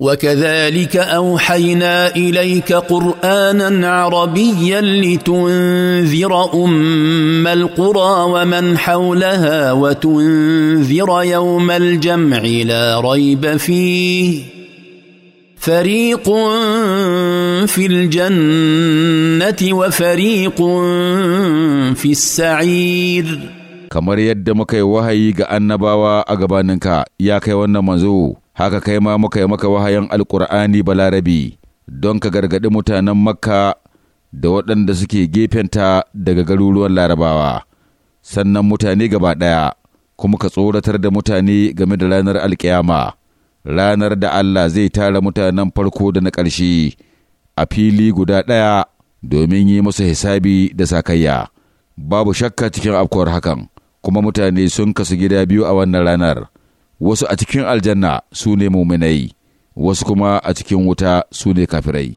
وكذلك اوحينا اليك قرانا عربيا لتنذر ام القرى ومن حولها وتنذر يوم الجمع لا ريب فيه فريق في الجنه وفريق في السعير kamar yadda muka yi wahayi ga annabawa a gabaninka ya kai wannan manzo haka kai ma muka yi maka wahayin alkur'ani balarabi don ka gargaɗi mutanen makka da waɗanda suke gefenta daga garuruwan larabawa sannan mutane gaba ɗaya kuma ka tsoratar da mutane game da ranar alkiyama ranar da Allah zai tara mutanen farko da na ƙarshe a fili guda ɗaya domin yi musu hisabi da sakayya babu shakka cikin afkuwar hakan kuma mutane sun kasu gida biyu a wannan ranar wasu a cikin aljanna su ne muminai wasu kuma a cikin wuta su ne kafirai